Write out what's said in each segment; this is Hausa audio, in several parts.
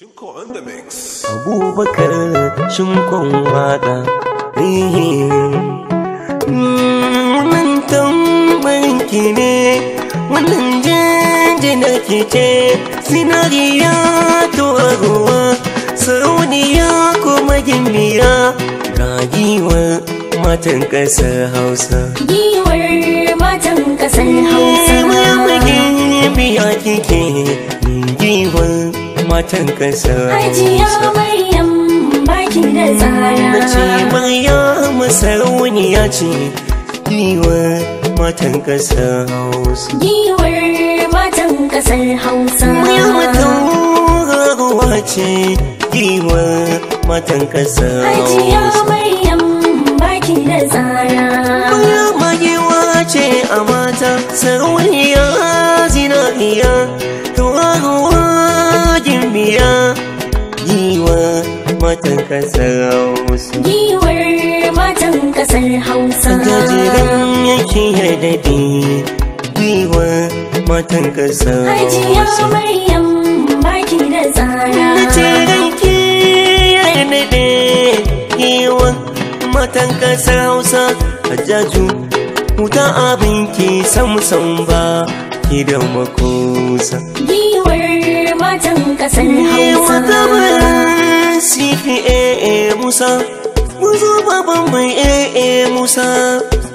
Shinko on the mix. Abubakar shinkon wada. Wannan mm, tambarin ki ne, wannan da ke ce, sinariya to ruwa, sarauniya kuma gimbiya, ga giwar matan ƙasar Hausa. Giwar matan ƙasar Hausa. Giwar matan ƙasar Hausa. Giwar matan ƙasar Hausa. matan kasar Hajiya Maryam da tsara ce Maryam ya ce giwar matan Hausa giwa matan kasar Hausa ce matan kasar Hausa Hajiya Maryam da ce a mata zina zinariya matan kasar hausa giwar matan kasar hausa gajeren yake ya dade giwar matan kasar hausa hajiya maryam baki da tsara gajeren ki ya dade giwar matan kasar hausa hajjaju huta abin ki samsan ba ki da makosa giwar matan kasar hausa Musa Mun zo baban mai ee Musa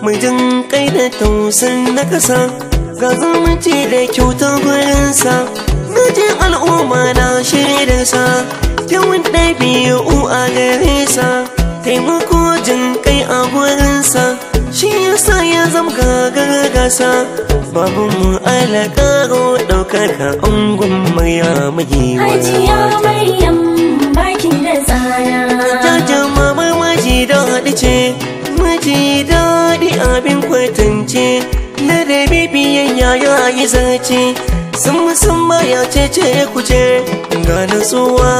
Mun jin kai da tausan na kasa Ga zumunci da kyauta gurinsa Na je al'umma na sa. Kyawun ɗabi'u a gare sa Taimako jin kai a gurinsa Shi yasa ya zam gagara gasa Babu mu alakaro ɗaukar ka ungun mai ya muhiwa Hajiya Maryam da tsara ji daɗi abin kwatance na da bibiyan yaya yi zace sun musamman ya ce kuce ga natsuwa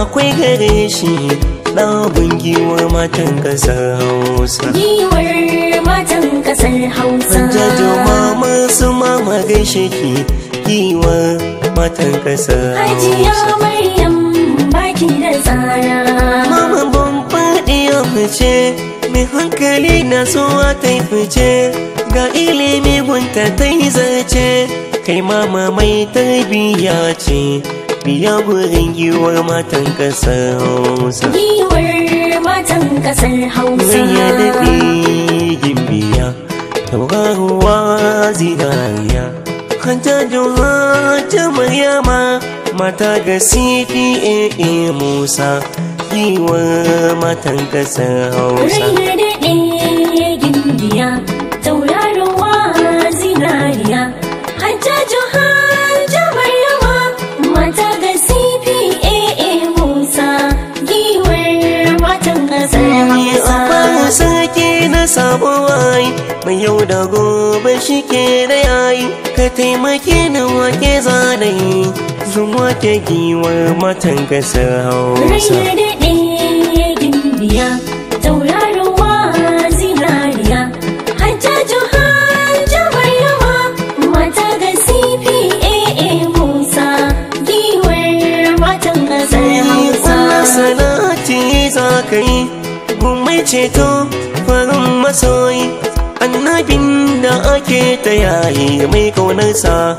akwai gare shi ɗabin giwar matan ƙasar hausa giwar matan ƙasar hausa jajo mama su mama gaishe ki giwar matan ƙasar hausa hajiya maryam baki da tsara mama ban faɗi ya mai hankali na zuwa ta yi fice ga ilimi bunta ta yi zace kai mama mai tarbiya ce biya gurin giwar matan ƙasar hausa giwar matan ƙasar hausa ya daɗe gimbiya tauraruwa zinariya hanta juha ta maryama mata ga cpa musa kaiwa matan ƙasar hausa rai zinariya mata musa giwar matan na sabo wai mai yau da gobe shi ke da yayi ka taimake na wake zanayi zuma ke giwar matan ƙasar hausa zinariya tauraruwa zinariya hajjaju hajja maryawa mata ga cpa musa giwar matan ƙasar hausa salati za ka yi gummai ceto farin masoyi annabin da ake ta yayi mai kaunarsa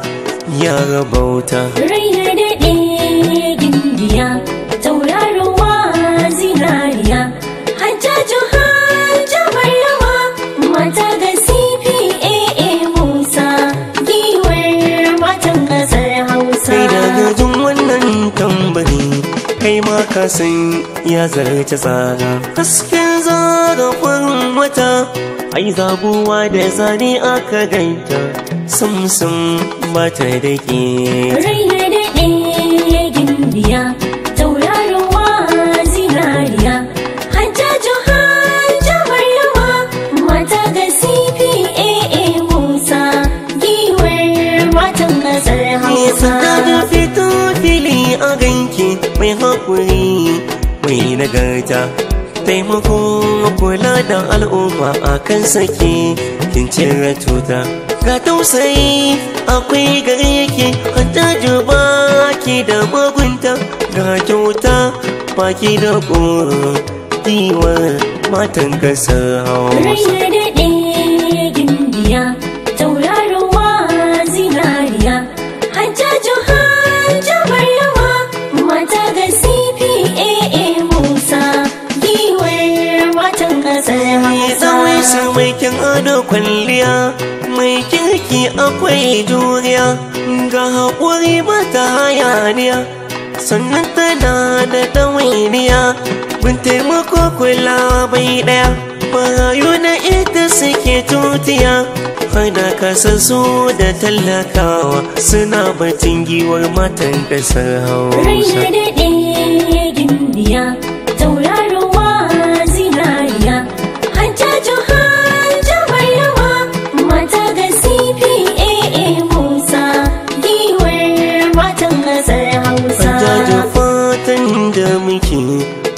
ya rabauta rai na daɗe gindiya ka sai ya zarce tsada hasken zara farin wata ai zabuwa da zani aka ganta sumsum ba ta dake rai na daɗe gimbiya tauraruwa zinariya hajjaju hajja maryama mata ga cpa musa giwar matan ƙasar hausa fili a ganki mai haƙuri mai nagarta taimako kula da al'umma a kan sake kin ratuta tuta ga tausayi akwai gare ki hata juba ki da magunta ga kyauta baki da ƙoro matan ƙasar hausa akwai juriya ga haƙuri ba ta hayaniya sannan tana da ɗawainiya bin taimako kulawa bai ɗaya barayu na ita suke tutiya fada su da tallakawa suna batun giwar matan ƙasar hausa Rai ya daɗe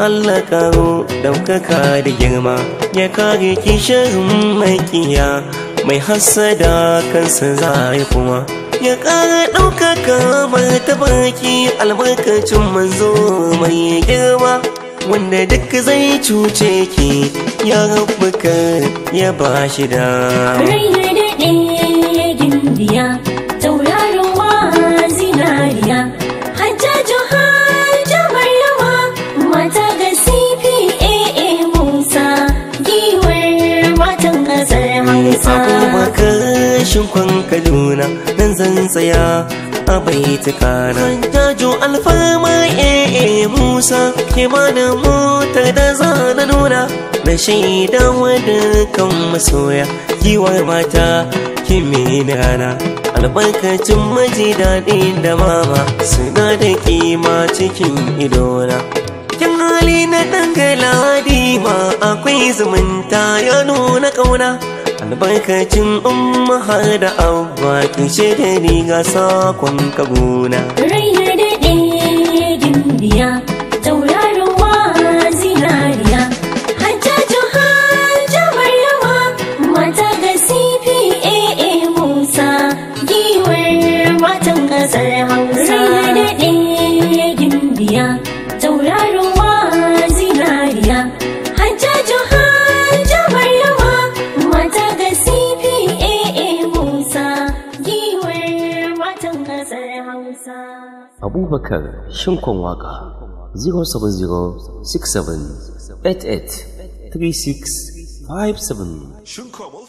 Allah karo daukaka da girma ya kare kishirin makiya mai hassada kansa zai kuma ya kara daukaka martabaki albarkacin manzo mai girma wanda duk zai cuce ki ya rabu ya bashi da kwan kaduna nan zan tsaya a baitika na jajo alfama ee eh, eh, musa ke da motar da za na nuna na shaida wadda kan masoya giwar mata kiminana albarkacin maji daɗi da mama suna da kima cikin idona kin hali na ɗan galadi ma akwai zumunta ya nuna ƙauna albarkacin umma har da abba kishe da riga sakon kaguna rai da daɗe gindiya Abubakar Waka 070 67 88 36 57.